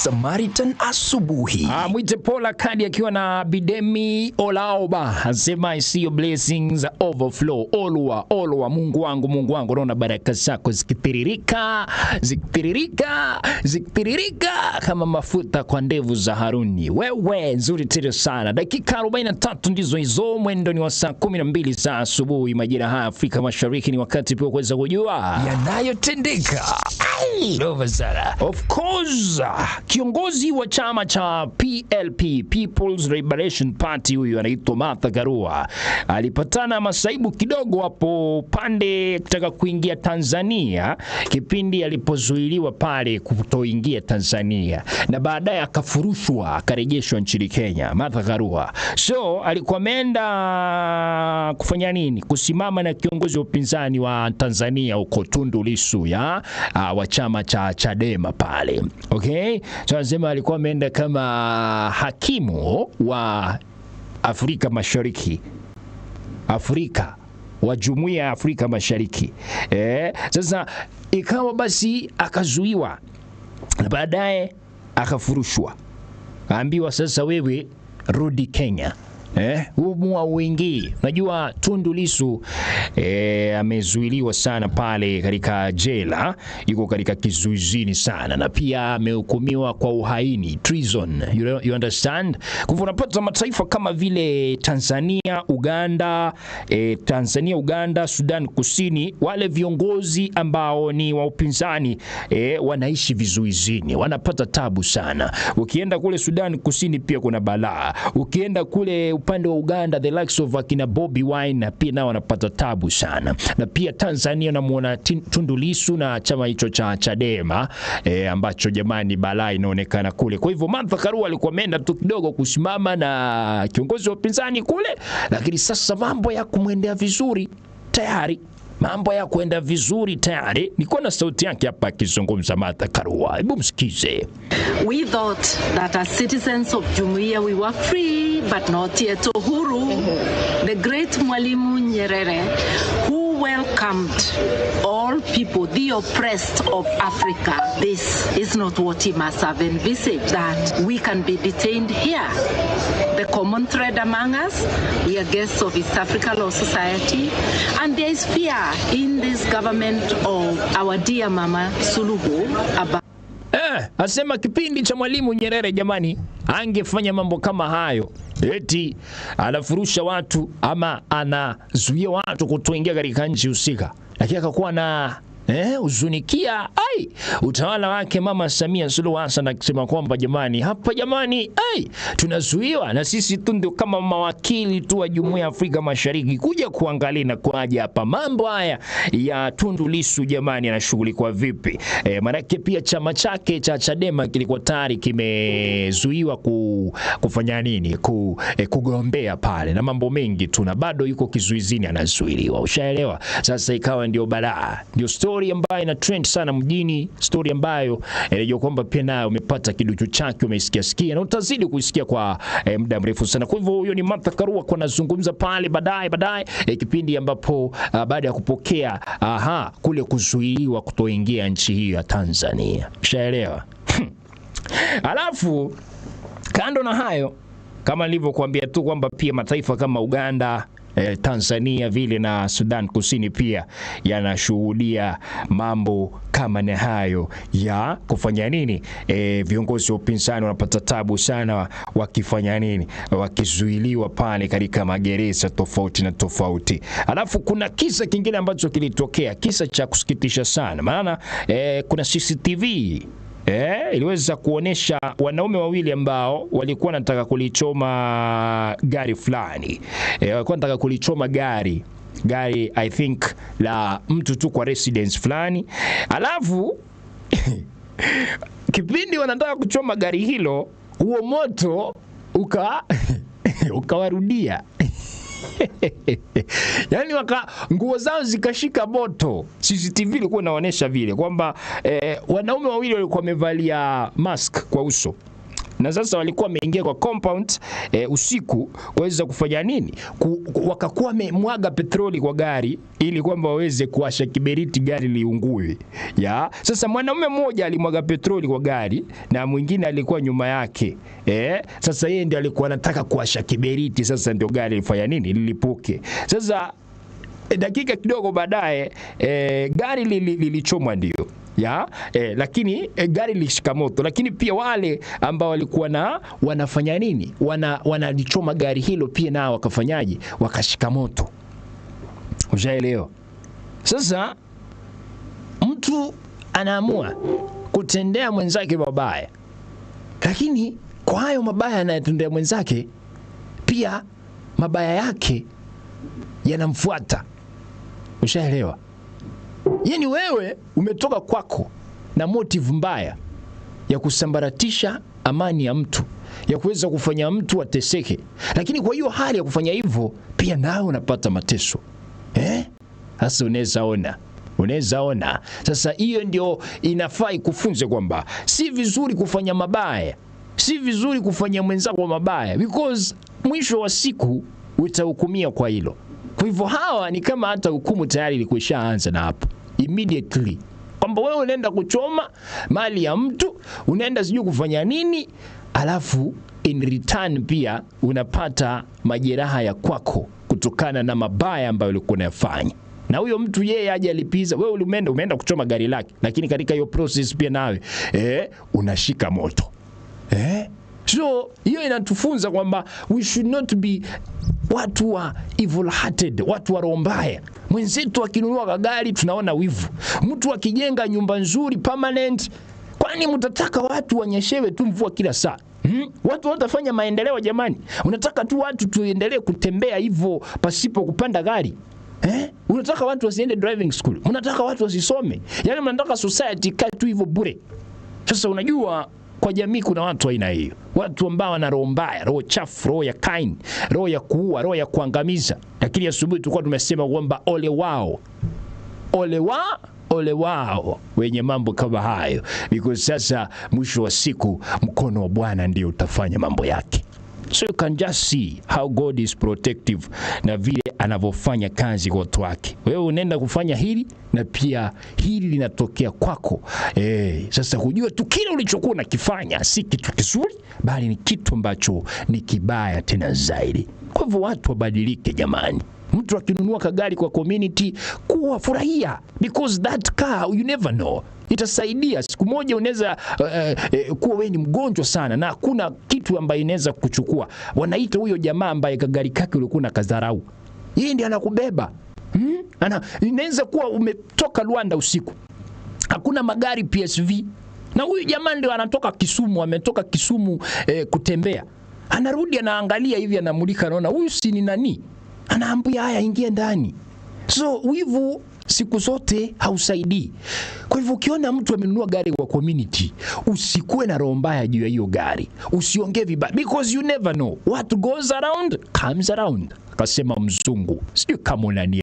Samaritan asubuhi. Ah, mwite Paula Kadi akiwa na Bidemi Olaoba anasema I see your blessings overflow. Olwa, olwa, Mungu wangu, Mungu wangu, naona baraka zako zikitiririka, zikitiririka, zikitiririka kama mafuta kwa ndevu za Haruni. Wewe nzuri tele sana. Dakika 43 ndizo hizo, mwendo ni wa saa 12 za asubuhi majira haya Afrika Mashariki. Ni wakati pia kuweza kujua yanayotendeka. Of course Kiongozi wa chama cha PLP, People's Liberation Party, huyu anaitwa Martha Karua alipatana masaibu kidogo hapo pande kutaka kuingia Tanzania kipindi alipozuiliwa pale kutoingia Tanzania, na baadaye akafurushwa akarejeshwa nchini Kenya. Martha Karua so alikuwa ameenda kufanya nini? Kusimama na kiongozi wa upinzani wa Tanzania huko Tundu Lissu ya wa chama cha Chadema pale, okay tunasema alikuwa ameenda kama hakimu wa Afrika Mashariki, Afrika wa Jumuiya ya Afrika Mashariki Eh, Sasa ikawa basi akazuiwa na baadaye akafurushwa, aambiwa sasa, wewe rudi Kenya eh, umua wingi Unajua Tundu Lissu eh, amezuiliwa sana pale katika jela, yuko katika kizuizini sana, na pia amehukumiwa kwa uhaini treason, you, you understand. Kwa hivyo unapata mataifa kama vile Tanzania, Uganda, eh, Tanzania, Uganda, Sudan Kusini, wale viongozi ambao ni wa upinzani eh, wanaishi vizuizini, wanapata tabu sana. Ukienda kule Sudan Kusini pia kuna balaa, ukienda kule upande wa Uganda the likes of akina Bobby Wine pia nao wanapata tabu sana, na pia Tanzania namuona Tundu Lissu na chama hicho cha Chadema e, ambacho jamani balaa inaonekana kule. Kwa hivyo Martha Karua alikuwa ameenda tu kidogo kusimama na kiongozi wa upinzani kule, lakini sasa mambo ya kumwendea vizuri tayari mambo ya kwenda vizuri tayari. Niko na sauti yake hapa akizungumza Martha Karua, hebu msikize. We thought that as citizens of Jumuiya we were free but not yet uhuru. The great Mwalimu Nyerere who welcomed all people, the oppressed of Africa. This is not what he must have envisaged, that we can be detained here. The common thread among us, we are guests of East Africa Law Society, and there is fear in this government of our dear Mama Suluhu about Eh, asema kipindi cha Mwalimu Nyerere jamani, angefanya mambo kama hayo eti anafurusha watu ama anazuia watu kutoingia katika nchi husika, lakini akakuwa na eh, uzunikia ai utawala wake Mama Samia Suluhu Hassan akisema kwamba jamani, hapa jamani, ai tunazuiwa na sisi tu ndio kama mawakili tu wa Jumuiya ya Afrika Mashariki kuja kuangalia na kuaje hapa mambo haya ya Tundu Lissu, jamani, yanashughulikiwa vipi? Eh, maanake pia chama chake cha Chadema kilikuwa tayari kimezuiwa ku, kufanya nini ku, eh, kugombea pale na mambo mengi tu, na bado yuko kizuizini anazuiliwa, ushaelewa. Sasa ikawa ndio balaa, ndio story story ambayo ina trend sana mjini, story ambayo inajua e, kwamba pia nayo umepata kiduchu chake, umeisikia sikia na utazidi kuisikia kwa e, muda mrefu sana. Kwa hivyo huyo ni Martha Karua kwa nazungumza pale baadaye baadaye, e, kipindi ambapo uh, baada ya kupokea aha, kule kuzuiwa kutoingia nchi hiyo ya Tanzania, ushaelewa alafu kando na hayo kama nilivyokuambia tu kwamba pia mataifa kama Uganda Eh, Tanzania vile na Sudan Kusini pia yanashuhudia mambo kama na hayo ya kufanya nini, E, viongozi wa upinzani wanapata tabu sana wakifanya nini, wakizuiliwa pale katika magereza tofauti na tofauti. Alafu kuna kisa kingine ambacho kilitokea, kisa cha kusikitisha sana maana, e, kuna CCTV eh, iliweza kuonesha wanaume wawili ambao walikuwa wanataka kulichoma gari fulani eh, walikuwa wanataka kulichoma gari gari I think la mtu tu kwa residence fulani, alafu kipindi wanataka kuchoma gari hilo, huo moto uka ukawarudia yani waka nguo zao zikashika moto. CCTV ilikuwa inaonyesha vile kwamba eh, wanaume wawili walikuwa wamevalia mask kwa uso na sasa walikuwa wameingia kwa compound e, usiku waweza kufanya nini ku, ku, wakakuwa wamemwaga petroli kwa gari ili kwamba waweze kuasha kiberiti gari liungue. Ya sasa mwanaume mmoja alimwaga petroli kwa gari na mwingine alikuwa nyuma yake e, sasa yeye ndiye alikuwa anataka kuasha kiberiti, sasa ndio gari lifanya nini lilipuke. Sasa eh, dakika kidogo baadaye e, gari lilichomwa li, li, ndio ya eh, lakini eh, gari lishika moto, lakini pia wale ambao walikuwa na wanafanya nini, wana wanalichoma gari hilo pia nao wakafanyaje, wakashika moto. Ushaelewa? Sasa mtu anaamua kutendea mwenzake mabaya, lakini kwa hayo mabaya anayotendea mwenzake, pia mabaya yake yanamfuata. Ushaelewa? yani wewe umetoka kwako na motive mbaya ya kusambaratisha amani ya mtu ya kuweza kufanya mtu ateseke, lakini kwa hiyo hali ya kufanya hivyo pia nawe unapata mateso eh? Sasa unaweza ona unaweza ona sasa, hiyo ndio inafaa ikufunze kwamba si vizuri kufanya mabaya, si vizuri kufanya mwenzako mabaya, because mwisho wa siku utahukumia kwa hilo. Kwa hivyo hawa ni kama hata hukumu tayari ilikuishaanza na hapo immediately kwamba wewe unaenda kuchoma mali ya mtu, unaenda sijui kufanya nini, alafu in return pia unapata majeraha ya kwako kutokana na mabaya ambayo ulikuwa unayafanya na huyo mtu yeye aje alipiza, wewe ulimenda umeenda kuchoma gari lake, lakini katika hiyo process pia nawe eh, unashika moto eh? So hiyo inatufunza kwamba we should not be watu wa evil hearted, watu wa roho mbaya. Mwenzetu akinunua gari tunaona wivu, mtu akijenga nyumba nzuri permanent. Kwani mtataka watu wanyeshewe tu mvua kila saa? Hmm? Watu watafanya maendeleo jamani? Unataka tu watu tuendelee kutembea hivyo pasipo kupanda gari? Eh? Unataka watu wasiende driving school? Unataka watu wasisome? Yaani mnataka society kae tu hivyo bure. Sasa unajua kwa jamii kuna watu aina hiyo, watu ambao wana roho mbaya, roho chafu, roho ya Kaini, roho ya kuua, roho ya kuangamiza. Lakini asubuhi tulikuwa tumesema kwamba ole wao, ole wa ole wao wenye mambo kama hayo, because sasa mwisho wa siku mkono wa Bwana ndio utafanya mambo yake. So you can just see how God is protective na vile anavyofanya kazi kwa watu wake. Wewe unaenda kufanya hili na pia hili linatokea kwako. E, sasa kujua tu kile ulichokuwa unakifanya si kitu kizuri, bali ni kitu ambacho ni kibaya tena zaidi. Kwa hivyo watu wabadilike jamani. Mtu akinunua kagari kwa community, kuwafurahia because that car you never know itasaidia siku moja. Unaweza uh, uh, kuwa wewe ni mgonjwa sana na hakuna kitu ambayo inaweza kuchukua. Wanaita huyo jamaa ambaye kagari kake ulikuwa na kadharau, yeye ndiye anakubeba hmm? Ana, inaweza kuwa umetoka Rwanda usiku, hakuna magari PSV, na huyu jamaa ndio anatoka Kisumu, ametoka Kisumu eh, kutembea Anarudi anaangalia hivi, anamulika, anaona huyu si ni nani, anaambia haya, ingia ndani. So wivu siku zote hausaidii. Kwa hivyo ukiona mtu amenunua gari kwa community, usikuwe na roho mbaya juu ya hiyo gari, usiongee vibaya, because you never know what goes around comes around, akasema mzungu, sijui kama unani